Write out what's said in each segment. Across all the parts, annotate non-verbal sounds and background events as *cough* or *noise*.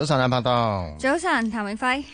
早晨啊，拍檔 *laughs* 早晨，譚永輝。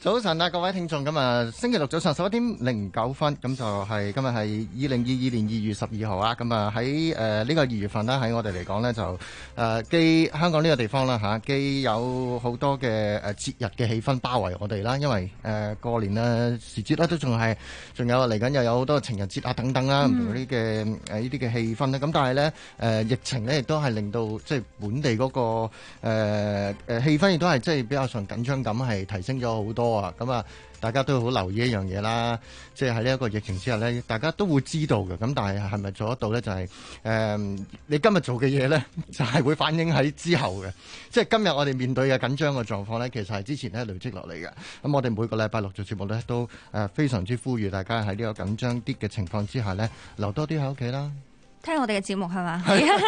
早晨啊，各位聽眾，咁啊，星期六早上十一點零九分，咁就係今日係二零二二年二月十二號啊。咁啊喺誒呢個二月份啦，喺我哋嚟講咧就誒、呃，既香港呢個地方啦吓、啊，既有好多嘅誒節日嘅氣氛包圍我哋啦，因為誒、呃、過年啊時節啦都仲係，仲有嚟緊又有好多情人節啊等等啦、啊，唔、嗯、同啲嘅誒呢啲嘅氣氛咧。咁但係咧誒疫情咧亦都係令到即係本地、嗰個誒誒氣氛。都係即係比較上緊張感係提升咗好多啊！咁、嗯、啊，大家都好留意一樣嘢啦。即係喺呢一個疫情之下咧，大家都會知道嘅。咁但係係咪做得到咧？就係、是、誒、嗯，你今日做嘅嘢咧，就係、是、會反映喺之後嘅。即係今日我哋面對嘅緊張嘅狀況咧，其實係之前咧累積落嚟嘅。咁、嗯、我哋每個禮拜六做節目咧，都誒非常之呼籲大家喺呢個緊張啲嘅情況之下咧，留多啲喺屋企啦。聽我哋嘅節目係嘛？咁誒、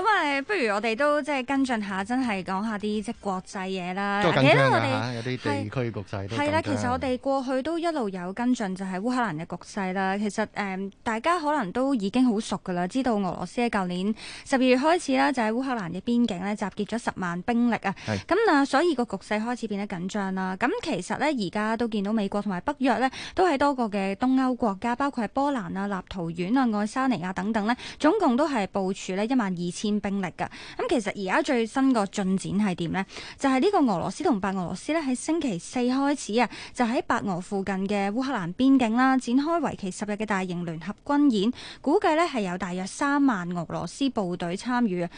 *laughs* *laughs* 嗯，不如我哋都即係跟進下，真係講下啲即係國際嘢啦。都緊張㗎，有啲地區局勢都緊張。係啦、啊，其實我哋過去都一路有跟進，就係烏克蘭嘅局勢啦。其實誒、嗯，大家可能都已經好熟㗎啦，知道俄羅斯喺舊年十二月開始啦，就喺烏克蘭嘅邊境咧集結咗十萬兵力啊。係是。咁嗱、嗯，所以個局勢開始變得緊張啦。咁、嗯、其實咧，而家都見到美國同埋北約咧，都喺多個嘅東歐國家，包括係波蘭啊、立陶宛啊、愛、啊、沙尼亞等等咧。總共都係部署呢一萬二千兵力嘅。咁其實而家最新個進展係點呢？就係呢個俄羅斯同白俄羅斯呢，喺星期四開始啊，就喺白俄附近嘅烏克蘭邊境啦，展開為期十日嘅大型聯合軍演。估計呢係有大約三萬俄羅斯部隊參與，而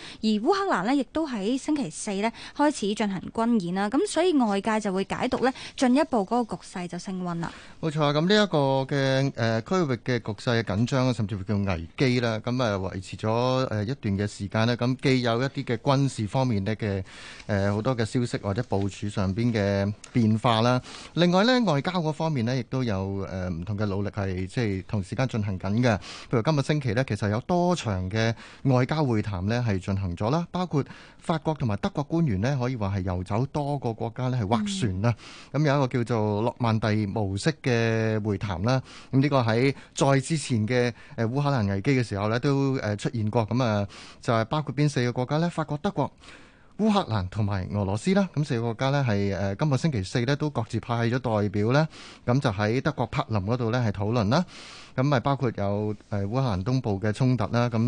烏克蘭呢，亦都喺星期四呢開始進行軍演啦。咁所以外界就會解讀呢進一步嗰個局勢就升溫啦。冇錯啊，咁呢一個嘅誒區域嘅局勢嘅緊張，甚至會叫危機啦。咁啊，維持咗誒一段嘅時間咧。咁既有一啲嘅軍事方面咧嘅誒好多嘅消息或者部署上邊嘅變化啦。另外咧，外交嗰方面咧，亦都有誒唔同嘅努力，係即係同時間進行緊嘅。譬如今個星期咧，其實有多場嘅外交會談咧，係進行咗啦。包括法國同埋德國官員咧，可以話係遊走多個國家咧，係斡旋啦。咁、嗯、有一個叫做諾曼底模式嘅會談啦。咁呢個喺再之前嘅誒烏克蘭危機嘅時候咧。都誒出現過咁啊，就係包括邊四個國家呢？法國、德國、烏克蘭同埋俄羅斯啦，咁四個國家呢，係誒今個星期四呢都各自派咗代表呢，咁就喺德國柏林嗰度呢，係討論啦。咁咪包括有誒烏克蘭東部嘅衝突啦，咁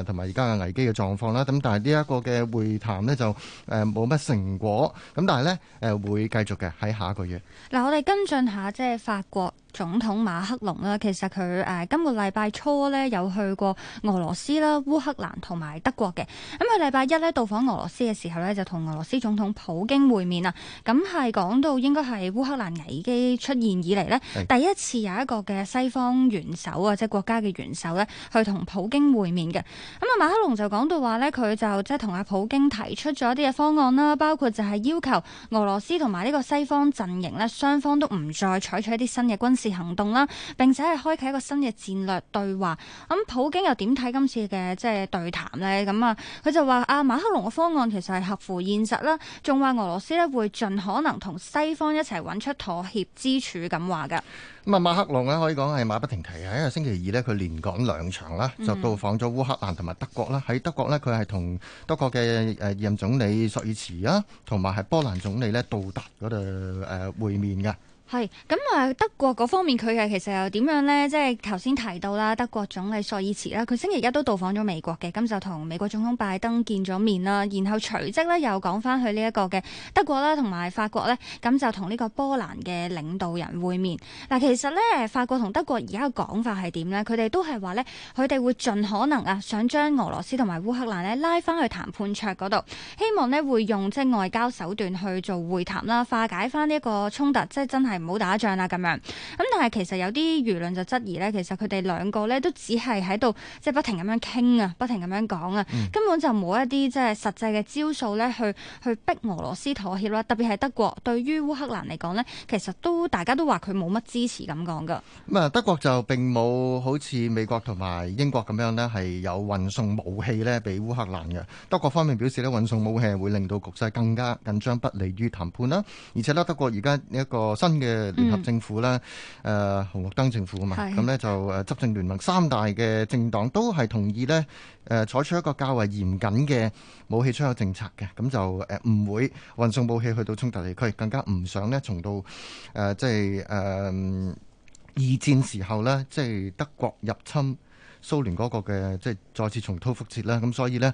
誒同埋而家嘅危機嘅狀況啦，咁但係呢一個嘅會談咧就誒冇乜成果，咁但係咧誒會繼續嘅喺下個月。嗱，我哋跟進下即係法國總統馬克龍啦，其實佢誒、呃、今個禮拜初咧有去過俄羅斯啦、烏克蘭同埋德國嘅。咁佢禮拜一咧到訪俄羅斯嘅時候咧就同俄羅斯總統普京會面啊，咁係講到應該係烏克蘭危機出現以嚟咧是第一次有一個嘅西方元手啊，即係國家嘅元首咧，去同普京會面嘅。咁啊，馬克龍就講到話咧，佢就即係同阿普京提出咗一啲嘅方案啦，包括就係要求俄羅斯同埋呢個西方陣營咧，雙方都唔再採取一啲新嘅軍事行動啦，並且係開啟一個新嘅戰略對話。咁普京又點睇今次嘅即係對談咧？咁啊，佢就話啊，馬克龍嘅方案其實係合乎現實啦，仲話俄羅斯咧會盡可能同西方一齊搵出妥協之處咁話噶。咁啊，馬克龍咧可以講係馬不停蹄啊，因為星期二咧佢連趕兩場啦，就到訪咗烏克蘭同埋德國啦。喺德國咧，佢係同德國嘅誒任總理朔爾茨啊，同埋係波蘭總理咧到達嗰度誒會面嘅。係咁啊，德國嗰方面佢嘅其實又點樣呢？即係頭先提到啦，德國總理朔爾茨啦，佢星期一都到訪咗美國嘅，咁就同美國總統拜登見咗面啦，然後隨即咧又講翻去呢一個嘅德國啦同埋法國咧，咁就同呢個波蘭嘅領導人會面。嗱、啊，其實咧法國同德國而家嘅講法係點呢？佢哋都係話咧，佢哋會盡可能啊，想將俄羅斯同埋烏克蘭咧拉翻去談判桌嗰度，希望咧會用即係外交手段去做會談啦，化解翻呢一個衝突，即係真係。唔好打仗啦，咁樣咁，但係其實有啲輿論就質疑呢，其實佢哋兩個呢都只係喺度即係不停咁樣傾啊，不停咁樣講啊，嗯、根本就冇一啲即係實際嘅招數呢去去逼俄羅斯妥協啦。特別係德國對於烏克蘭嚟講呢，其實都大家都話佢冇乜支持咁講噶。咁啊，德國就並冇好似美國同埋英國咁樣呢係有運送武器呢俾烏克蘭嘅。德國方面表示呢，運送武器會令到局勢更加緊張，不利於談判啦。而且呢，德國而家呢一個新嘅聯合政府啦，誒紅綠燈政府啊嘛，咁呢是就誒執政聯盟三大嘅政黨都係同意呢誒、呃、採取一個較為嚴謹嘅武器出口政策嘅，咁就誒唔會運送武器去到衝突地區，更加唔想呢重到誒、呃、即係誒、呃、二戰時候呢，即係德國入侵蘇聯嗰個嘅即係再次重蹈覆轍啦，咁所以呢，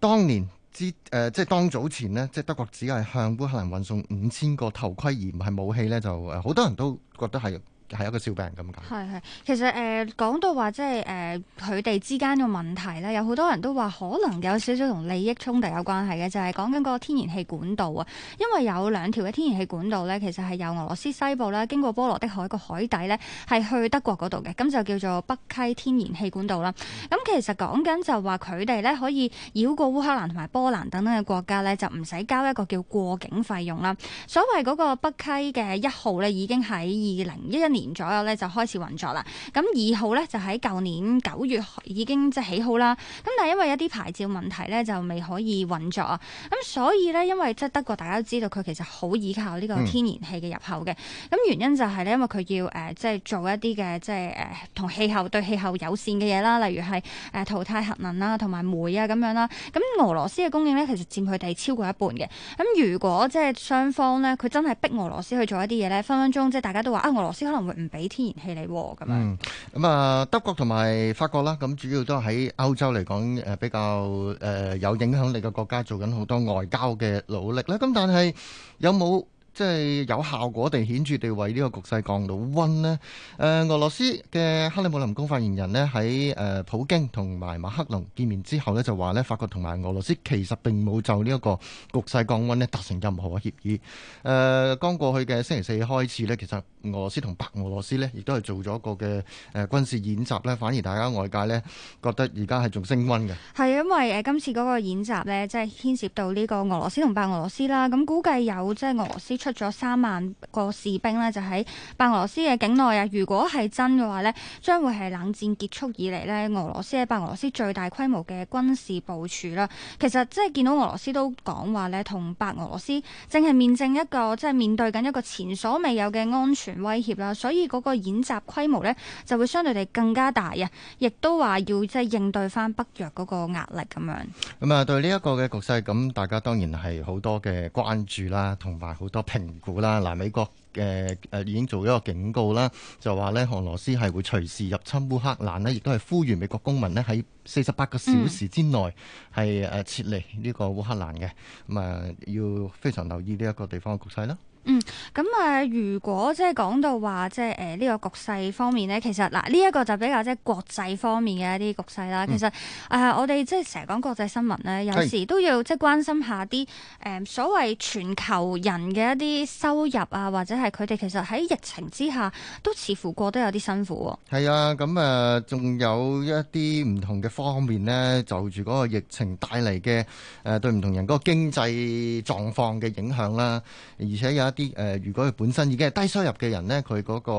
當年。之誒即係、呃、當早前咧，即係德國只係向烏克蘭運送五千個頭盔而唔係武器咧，就誒好、呃、多人都覺得係。係一個笑柄咁解。係係，其實誒、呃、講到話即係誒佢哋之間嘅問題咧，有好多人都話可能有少少同利益衝突有關係嘅，就係、是、講緊嗰個天然氣管道啊。因為有兩條嘅天然氣管道咧，其實係由俄羅斯西部啦，經過波羅的海個海底咧，係去德國嗰度嘅，咁就叫做北溪天然氣管道啦。咁、嗯、其實講緊就話佢哋咧可以繞過烏克蘭同埋波蘭等等嘅國家咧，就唔使交一個叫過境費用啦。所謂嗰個北溪嘅一號咧，已經喺二零一一年。年左右咧就開始運作啦。咁二號咧就喺舊年九月已經即係起好啦。咁但係因為一啲牌照問題咧就未可以運作啊。咁所以咧因為即係德國大家都知道佢其實好倚靠呢個天然氣嘅入口嘅。咁原因就係咧因為佢要誒、呃、即係做一啲嘅即係誒同氣候對氣候友善嘅嘢啦，例如係誒、呃、淘汰核能啦，同埋煤啊咁樣啦。咁俄羅斯嘅供應咧其實佔佢哋超過一半嘅。咁如果即係雙方咧佢真係逼俄羅斯去做一啲嘢咧，分分鐘即係大家都話啊，俄羅斯可能會。唔俾天然氣嚟㗎嘛，咁啊、嗯嗯、德國同埋法國啦，咁主要都喺歐洲嚟講，誒比較誒、呃、有影響力嘅國家，做緊好多外交嘅努力啦。咁但係有冇？即係有效果地顯著地為呢個局勢降到溫呢誒、呃，俄羅斯嘅克里姆林宮發言人呢，喺誒、呃、普京同埋馬克龍見面之後呢，就話呢：「法國同埋俄羅斯其實並冇就呢一個局勢降溫呢達成任何嘅協議。」誒、呃，剛過去嘅星期四開始呢，其實俄羅斯同白俄羅斯呢，亦都係做咗一個嘅誒、呃、軍事演習呢，反而大家外界呢，覺得而家係仲升溫嘅。係因為、呃、今次嗰個演習呢，即係牽涉到呢個俄羅斯同白俄羅斯啦。咁估計有即係俄羅斯。出咗三萬個士兵咧，就喺白俄羅斯嘅境內啊！如果係真嘅話咧，將會係冷戰結束以嚟咧，俄羅斯喺白俄羅斯最大規模嘅軍事部署啦。其實即係見到俄羅斯都講話咧，同白俄羅斯正係面正一個即係、就是、面對緊一個前所未有嘅安全威脅啦。所以嗰個演習規模咧就會相對地更加大啊！亦都話要即係應對翻北約嗰個壓力咁樣。咁啊，對呢一個嘅局勢咁大家當然係好多嘅關注啦，同埋好多。評估啦，嗱美國嘅誒、呃呃、已經做咗個警告啦，就話咧俄羅斯係會隨時入侵烏克蘭咧，亦都係呼籲美國公民呢，喺四十八個小時之內係誒撤離呢個烏克蘭嘅，咁、呃、啊要非常留意呢一個地方嘅局勢啦。嗯，咁、嗯、啊、嗯，如果即係講到話，即係誒呢個局勢方面咧，其實嗱呢一個就比較即係國際方面嘅一啲局勢啦。嗯、其實誒、呃，我哋即係成日講國際新聞咧，有時都要即係、嗯、是關心一下啲誒、嗯、所謂全球人嘅一啲收入啊，或者係佢哋其實喺疫情之下都似乎過得有啲辛苦、哦。係啊，咁、嗯、啊，仲有一啲唔同嘅方面咧，就住嗰個疫情帶嚟嘅誒對唔同人嗰個經濟狀況嘅影響啦，而且有。啲誒，如果佢本身已經係低收入嘅人咧，佢嗰個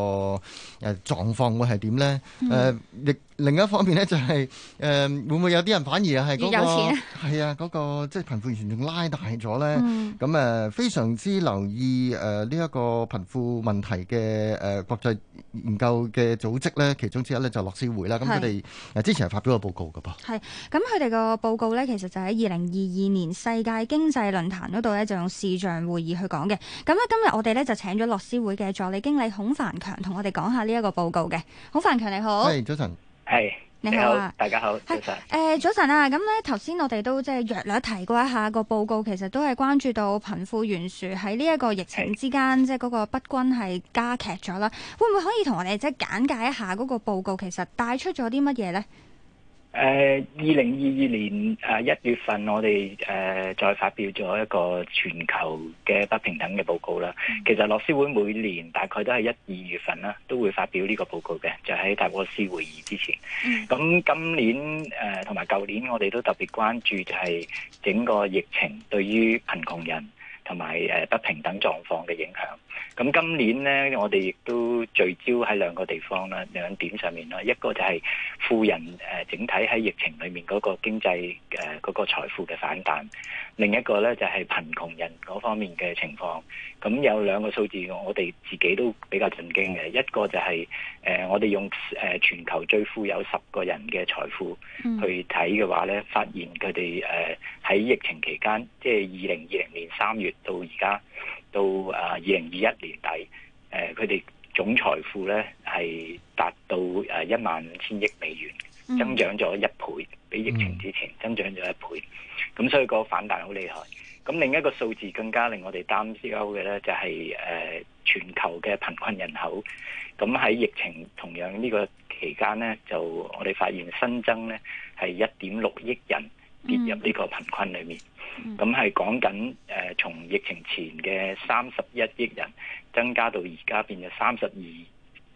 誒狀況會係點咧？誒亦、嗯。另一方面呢、就是，就係誒會唔會有啲人反而係有錢係啊，嗰個即係貧富完全仲拉大咗咧？咁誒、嗯嗯、非常之留意誒呢一個貧富問題嘅誒、呃、國際研究嘅組織咧，其中之一咧就樂施會啦。咁佢哋之前係發表個報告嘅噃。係咁，佢哋個報告咧其實就喺二零二二年世界經濟論壇嗰度咧，就用視像會議去講嘅。咁咧今日我哋咧就請咗樂施會嘅助理經理孔繁強同我哋講下呢一個報告嘅。孔繁強你好。係、hey, 早晨。係 Hey, 你好啊，大家好，早晨。誒，早晨啊，咁咧頭先我哋都即係略略提過一下個報告，其實都係關注到貧富懸殊喺呢一個疫情之間，即係嗰個不均係加劇咗啦。會唔會可以同我哋即係簡介一下嗰個報告，其實帶出咗啲乜嘢咧？誒，二零二二年誒一、uh, 月份我，我哋誒再發表咗一個全球嘅不平等嘅報告啦。Mm hmm. 其實，樂施會每年大概都係一二月份啦，都會發表呢個報告嘅，就喺、是、達沃斯會議之前。咁、mm hmm. 今年誒，同埋舊年，我哋都特別關注就係整個疫情對於貧窮人。同埋誒不平等狀況嘅影響。咁今年咧，我哋亦都聚焦喺兩個地方啦、兩點上面啦。一個就係富人誒，整體喺疫情裏面嗰個經濟誒嗰個財富嘅反彈；另一個咧就係貧窮人嗰方面嘅情況。咁有兩個數字，我哋自己都比較震驚嘅。嗯、一個就係、是、誒、呃，我哋用誒全球最富有十個人嘅財富去睇嘅話咧，嗯、發現佢哋誒喺疫情期間，即係二零二零年三月。到而家到啊二零二一年底，誒佢哋總財富咧係達到誒一萬五千億美元，增長咗一倍，比疫情之前增長咗一倍。咁、嗯、所以個反彈好厲害。咁另一個數字更加令我哋擔憂嘅咧，就係、是、誒、呃、全球嘅貧困人口。咁喺疫情同樣呢個期間咧，就我哋發現新增咧係一點六億人。跌入呢個貧困裡面，咁係講緊誒從疫情前嘅三十一億人增加到而家變咗三十二億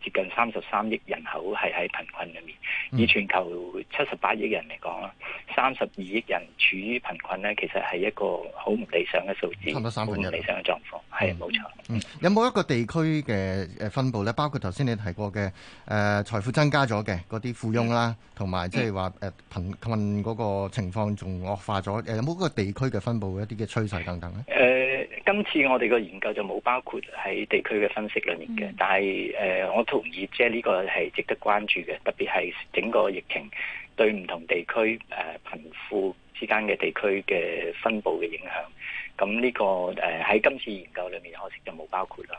接近三十三億人口係喺貧困裏面，以全球七十八億人嚟講啦，三十二億人處於貧困咧，其實係一個好唔理想嘅數字，差唔多三分一唔理想嘅狀況，係冇錯、嗯嗯。嗯，有冇一個地區嘅誒分佈咧？包括頭先你提過嘅誒、呃、財富增加咗嘅嗰啲富翁啦，同埋即係話誒貧困嗰個情況仲惡化咗。誒有冇一個地區嘅分佈一啲嘅趨勢等等咧？誒、呃。今次我哋個研究就冇包括喺地區嘅分析裏面嘅，嗯、但係誒、呃，我同意即係呢個係值得關注嘅，特別係整個疫情。對唔同地區誒、呃、貧富之間嘅地區嘅分布嘅影響，咁呢、呢個誒喺、呃、今次研究裏面，可惜就冇包括啦。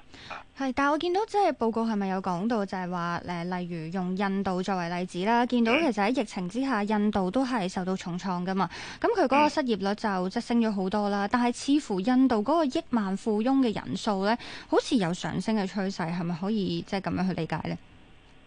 係，但係我見到即係報告係咪有講到就係話誒，例如用印度作為例子啦，見到其實喺疫情之下，印度都係受到重創噶嘛。咁佢嗰個失業率就即升咗好多啦。但係似乎印度嗰個億萬富翁嘅人數咧，好似有上升嘅趨勢，係咪可以即係咁樣去理解呢？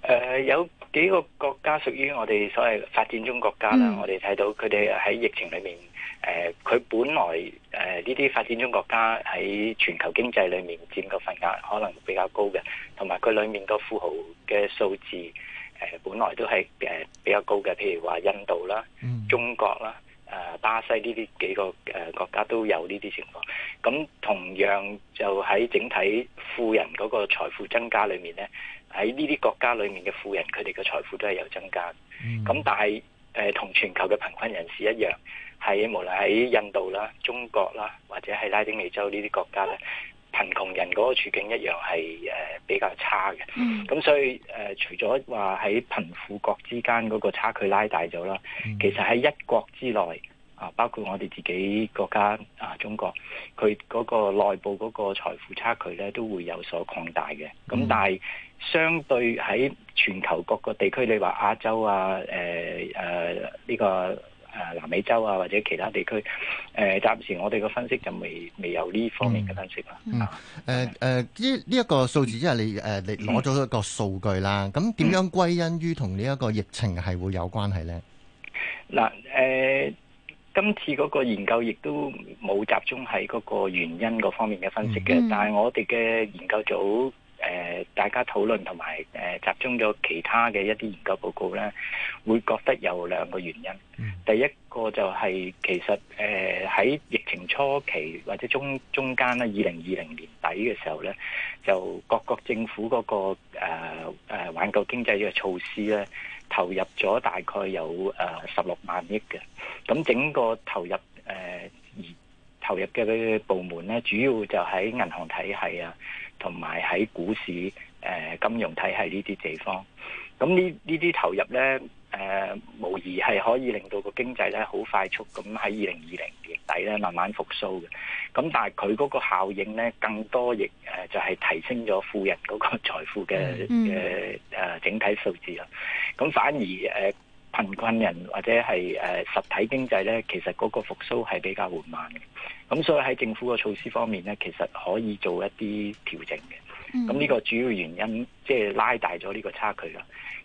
誒、呃、有。幾個國家屬於我哋所謂發展中國家啦，嗯、我哋睇到佢哋喺疫情裏面，誒、呃，佢本來誒呢啲發展中國家喺全球經濟裏面佔個份額可能比較高嘅，同埋佢裏面個富豪嘅數字誒、呃，本來都係誒比較高嘅，譬如話印度啦、嗯、中國啦、誒、呃、巴西呢啲幾個誒、呃、國家都有呢啲情況。咁同樣就喺整體富人嗰個財富增加裏面咧。喺呢啲國家裏面嘅富人，佢哋嘅財富都係有增加。咁、嗯、但係，誒、呃、同全球嘅貧困人士一樣，喺無論喺印度啦、中國啦，或者係拉丁美洲呢啲國家咧，貧窮人嗰個處境一樣係誒、呃、比較差嘅。咁、嗯、所以誒、呃，除咗話喺貧富國之間嗰個差距拉大咗啦，其實喺一國之內。啊，包括我哋自己國家啊，中國，佢嗰個內部嗰個財富差距咧，都會有所擴大嘅。咁、嗯、但係相對喺全球各個地區，你話亞洲啊，誒誒呢個誒、呃、南美洲啊，或者其他地區誒暫時我哋嘅分析就未未有呢方面嘅分析啦。誒誒呢呢一個數字，嗯、因為你誒你攞咗一個數據啦，咁點樣歸因於同呢一個疫情係會有關係咧？嗱誒、嗯。呃呃今次嗰個研究亦都冇集中喺嗰個原因嗰方面嘅分析嘅，嗯、但係我哋嘅研究組誒、呃、大家討論同埋誒集中咗其他嘅一啲研究報告咧，會覺得有兩個原因。嗯、第一個就係、係、其實誒喺、呃、疫情初期或者中中間咧，二零二零年底嘅時候咧，就各國政府嗰、嗰個誒、呃呃、挽救經濟嘅措施咧。投入咗大概有誒十六萬億嘅，咁整個投入誒、呃、投入嘅部門咧，主要就喺銀行體系啊，同埋喺股市誒、呃、金融體系呢啲地方，咁呢呢啲投入咧。誒，無疑係可以令到個經濟咧，好快速咁喺二零二零年底咧，慢慢復甦嘅。咁但係佢嗰個效應咧，更多亦誒就係提升咗富人嗰個財富嘅嘅誒整體數字啦。咁反而誒貧困人或者係誒實體經濟咧，其實嗰個復甦係比較緩慢嘅。咁所以喺政府嘅措施方面咧，其實可以做一啲調整嘅。咁呢個主要原因即係拉大咗呢個差距啦。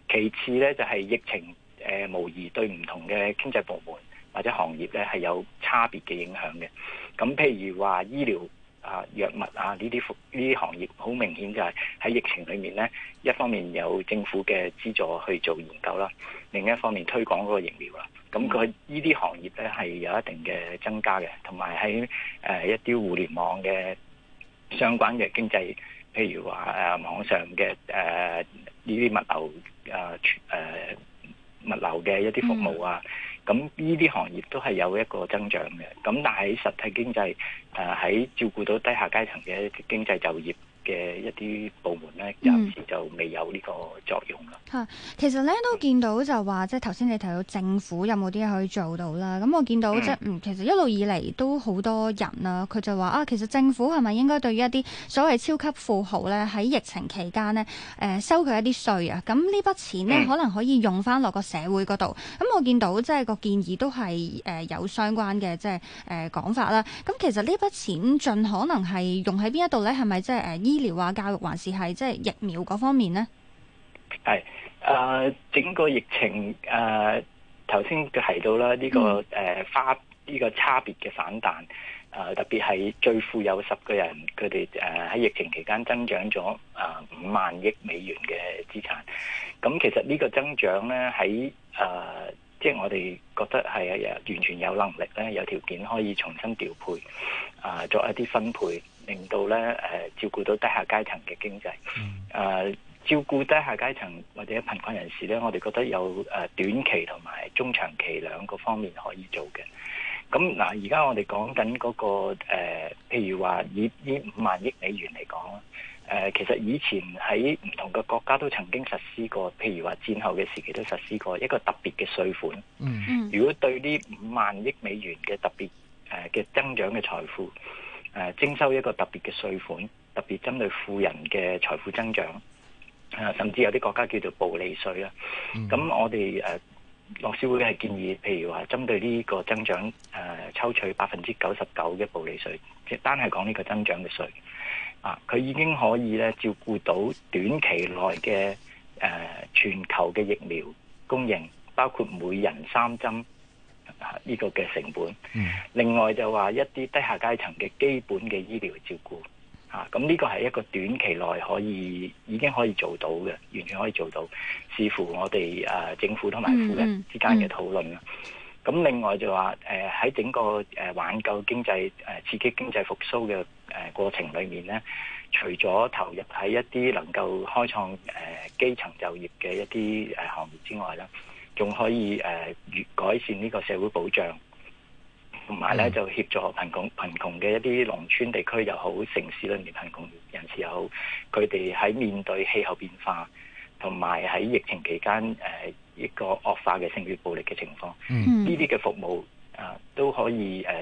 其次咧，就係疫情誒，無疑對唔同嘅經濟部門或者行業咧，係有差別嘅影響嘅。咁譬如話醫療啊、藥物啊呢啲呢啲行業，好明顯就係喺疫情裏面咧，一方面有政府嘅資助去做研究啦，另一方面推廣嗰個疫苗啦。咁佢呢啲行業咧係有一定嘅增加嘅，同埋喺誒一啲互聯網嘅相關嘅經濟，譬如話誒網上嘅誒呢啲物流。啊，啊、啊、物流嘅一啲服務啊，咁呢啲行業都係有一個增長嘅，咁但係實體經濟誒喺、啊、照顧到低下階層嘅經濟就業。嘅一啲部門咧，暫時就未有呢個作用咯。嚇、嗯，其實咧都見到就話，即係頭先你提到政府有冇啲嘢可以做到啦。咁我見到即係嗯，其實一路以嚟都好多人啊，佢就話啊，其實政府係咪應該對於一啲所謂超級富豪咧，喺疫情期間呢，誒、呃、收佢一啲稅啊？咁呢筆錢呢，嗯、可能可以用翻落個社會嗰度。咁我見到即係個建議都係誒、呃、有相關嘅即係誒講法啦。咁其實呢筆錢盡可能係用喺邊一度咧？係咪即係誒醫？呃醫療啊，教育還是係即係疫苗嗰方面呢？係誒、呃，整個疫情誒，頭、呃、先提到啦，呢、呢個誒差呢個差別嘅反彈誒、呃，特別係最富有十個人佢哋誒喺疫情期間增長咗誒五萬億美元嘅資產。咁、呃、其實呢個增長咧喺誒，即係我哋覺得係有完全有能力咧，有條件可以重新調配誒，作、呃、一啲分配。令到咧誒、呃、照顧到低下階層嘅經濟，誒、呃、照顧低下階層或者貧困人士咧，我哋覺得有誒、呃、短期同埋中長期兩個方面可以做嘅。咁、嗯、嗱，而、呃、家我哋講緊嗰個、呃、譬如話以呢五萬億美元嚟講啦，誒、呃、其實以前喺唔同嘅國家都曾經實施過，譬如話戰後嘅時期都實施過一個特別嘅稅款。嗯，如果對呢五萬億美元嘅特別誒嘅增長嘅財富。誒、啊、徵收一個特別嘅稅款，特別針對富人嘅財富增長，啊、甚至有啲國家叫做暴利稅啦。咁、嗯、我哋誒樂師會係建議，譬如話針對呢個增長誒、啊、抽取百分之九十九嘅暴利稅，即單係講呢個增長嘅稅。啊，佢已經可以咧照顧到短期內嘅誒全球嘅疫苗供應，包括每人三針。呢個嘅成本，另外就話一啲低下階層嘅基本嘅醫療照顧，吓，咁呢個係一個短期內可以已經可以做到嘅，完全可以做到，視乎我哋誒政府同埋富人之間嘅討論啦。咁另外就話，誒喺整個誒挽救經濟誒刺激經濟復甦嘅誒過程裏面咧，除咗投入喺一啲能夠開創誒基層就業嘅一啲誒行業之外啦。仲可以誒、呃，改善呢個社會保障，同埋咧就協助貧窮貧窮嘅一啲農村地區又好，城市裏面貧窮人士又好，佢哋喺面對氣候變化，同埋喺疫情期間誒、呃、一個惡化嘅性別暴力嘅情況，嗯，呢啲嘅服務啊、呃、都可以誒、呃、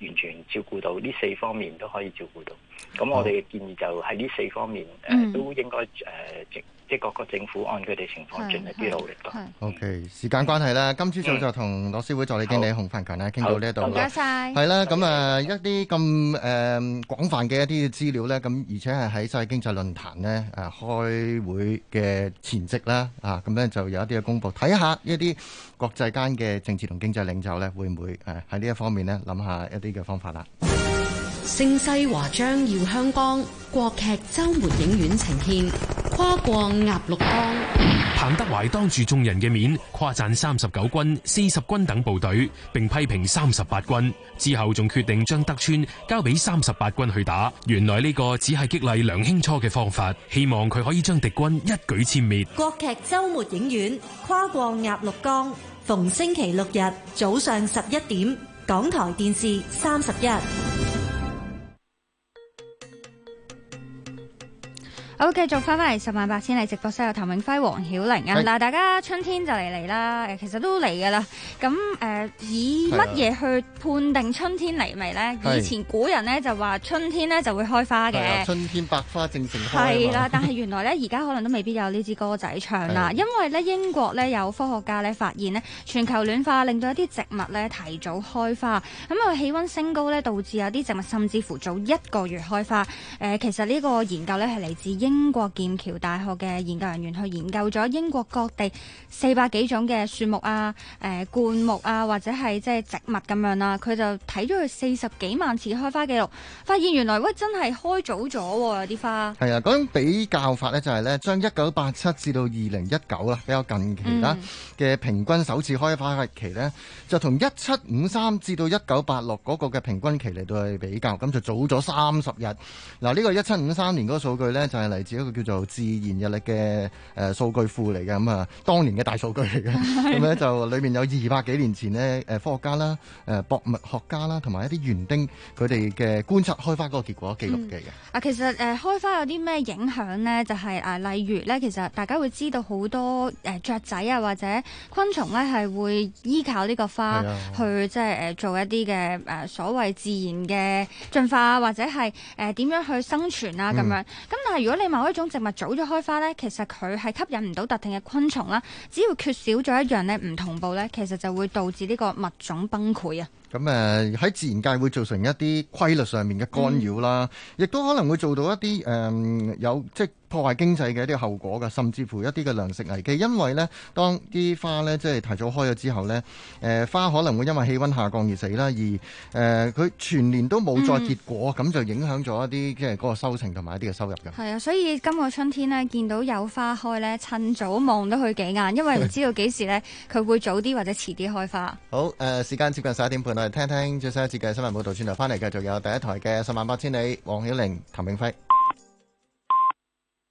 完全照顧到，呢四方面都可以照顧到。咁我哋嘅建議就喺呢四方面，誒、哦啊、都應該誒、呃、即即各個政府按佢哋情況盡啲努力咯。嗯、o、okay, K，時間關係啦，嗯、今朝早就同樂施會助理經理孔繁強咧傾到呢一度啦。好謝，唔該曬。係啦，咁謝啊一啲咁誒廣泛嘅一啲資料咧，咁而且係喺世界經濟論壇咧誒開會嘅前夕啦，啊咁咧就有一啲嘅公佈，睇下一啲國際間嘅政治同經濟領袖咧會唔會誒喺呢一方面咧諗下一啲嘅方法啦。盛世華章耀香江，國劇周末影院呈現《跨過鴨綠江》。彭德懷當住眾人嘅面誇讚三十九軍、四十軍等部隊，並批評三十八軍之後，仲決定將德川交俾三十八軍去打。原來呢個只係激勵梁興初嘅方法，希望佢可以將敵軍一舉殲滅。國劇周末影院《跨過鴨綠江》，逢星期六日早上十一點，港台電視三十一。好，繼、okay, 續返返嚟十萬八千里直播室有譚永輝、黃曉玲啊！嗱，大家春天就嚟嚟啦，誒，其實都嚟㗎啦。咁誒、呃，以乜嘢去判定春天嚟未呢？是以前古人咧就話春天咧就會開花嘅、啊，春天百花正盛開。係啦、啊，但係原來咧而家可能都未必有呢支歌仔唱啦，是因為咧英國咧有科學家咧發現呢全球暖化令到一啲植物咧提早開花，咁啊氣温升高咧導致有啲植物甚至乎早一個月開花。誒、呃，其實呢個研究咧係嚟自英。英國劍橋大學嘅研究人員去研究咗英國各地四百幾種嘅樹木啊、誒、呃、灌木啊，或者係即係植物咁樣啦，佢就睇咗佢四十幾萬次開花記錄，發現原來喂真係開早咗有啲花。係啊，嗰種比較法咧就係咧，將一九八七至到二零一九啦，比較近期啦嘅平均首次開花日期咧，嗯、就同一七五三至到一九八六嗰個嘅平均期嚟到去比較，咁就早咗三十日。嗱，呢個一七五三年嗰個數據咧就係嚟。只一個叫做自然日曆嘅誒數據庫嚟嘅咁啊，當年嘅大數據嚟嘅咁咧， *laughs* 就裏面有二百幾年前呢誒科學家啦、誒博物學家啦，同埋一啲園丁佢哋嘅觀察開花嗰個結果記錄嘅、嗯就是。啊，其實誒開花有啲咩影響呢？就係誒例如咧，其實大家會知道好多誒雀、呃、仔啊，或者昆蟲咧係會依靠呢個花去即係誒做一啲嘅誒所謂自然嘅進化，或者係誒點樣去生存啊咁樣。咁、嗯、但係如果你某一種植物早咗開花咧，其實佢係吸引唔到特定嘅昆蟲啦。只要缺少咗一樣咧，唔同步咧，其實就會導致呢個物種崩潰啊。咁誒、嗯，喺自然界會造成一啲規律上面嘅干擾啦，亦都可能會做到一啲誒有即係。破壞經濟嘅一啲後果㗎，甚至乎一啲嘅糧食危機，因為呢，當啲花呢，即係提早開咗之後呢，誒、呃、花可能會因為氣温下降而死啦，而誒佢、呃、全年都冇再結果，咁、嗯、就影響咗一啲即係嗰個收成同埋一啲嘅收入嘅。係啊，所以今個春天呢，見到有花開呢，趁早望到佢幾眼，因為唔知道幾時呢，佢會早啲或者遲啲開花。好誒、呃，時間接近十一點半，我哋聽聽最新一節嘅新聞報導，轉頭翻嚟繼續有第一台嘅十萬八千里，黃曉玲、譚永輝。